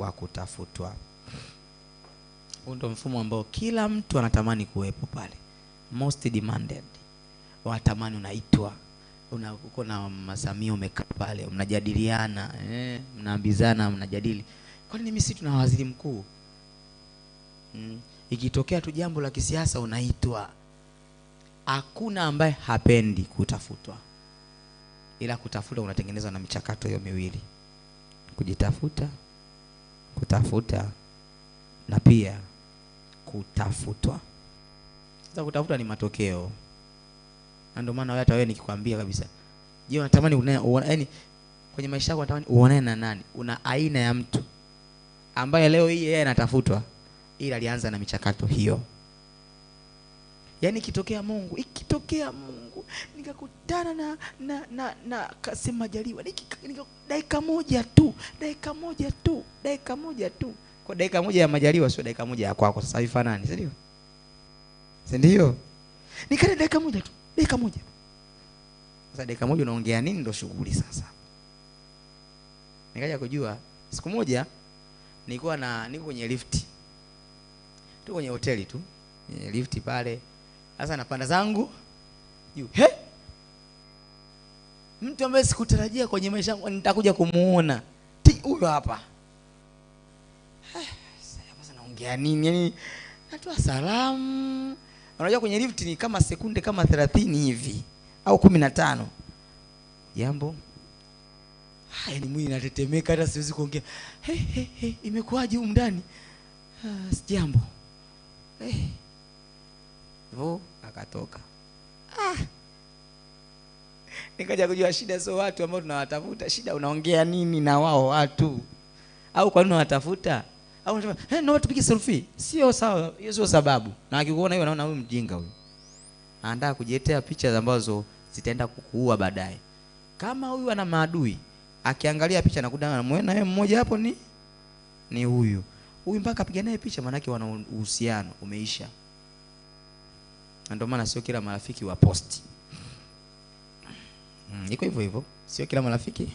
wa kutafutwa. Huu ndo mfumo ambao kila mtu anatamani kuwepo pale, most demanded, watamani unaitwa una, uko na masamia umekaa pale mnajadiliana eh, mnaambizana mnajadili, nini mimi si tuna waziri mkuu mm. Ikitokea tu jambo la kisiasa unaitwa. Hakuna ambaye hapendi kutafutwa, ila kutafutwa unatengenezwa na michakato hiyo miwili, kujitafuta kutafuta na pia kutafutwa. Sasa kutafutwa ni matokeo, na ndio maana hata wewe nikikwambia kabisa, je, unatamani yaani kwenye maisha yako unatamani uonane na nani? Una aina ya mtu ambaye leo hii yeye anatafutwa, ila alianza na michakato hiyo yaani ikitokea Mungu ikitokea Mungu nikakutana na na na, na Kassim Majaliwa dakika moja tu dakika moja tu dakika moja tu kwa dakika moja ya Majaliwa sio dakika moja ya kwako sasa haifanani si ndio nikana dakika moja tu dakika moja sasa dakika moja unaongea nini ndo shughuli sasa nikaja kujua siku moja nilikuwa na niko kwenye lifti tu kwenye hoteli tu lifti pale sasa napanda zangu juu. He? Mtu ambaye sikutarajia kwenye maisha yangu nitakuja kumuona. Ti huyo hapa. Sasa naongea nini? Yaani natoa salamu. Unajua kwenye lift ni kama sekunde kama 30 hivi au 15. Jambo. Haya ni mwili natetemeka hata siwezi kuongea. he he he imekuwaje huko ndani? Ah, sijambo. Hey vu akatoka. Ah, nikaja kujua shida sio watu ambao tunawatafuta. Shida unaongea nini na wao watu? Au kwa nini unawatafuta? Au unasema hey, eh, naomba tupige selfie. Sio sawa, hiyo sio sababu. Na akikuona hiyo, anaona huyu mjinga huyu, anataka kujitetea picha ambazo zitaenda kukuua baadaye. Kama huyu ana maadui, akiangalia picha nakuda anamuona ah, yeye mmoja hapo ni ni huyu huyu, mpaka apiga naye picha, maanake wana uhusiano umeisha na ndio maana sio kila marafiki wa posti. Mm, iko hivyo hivyo, sio kila marafiki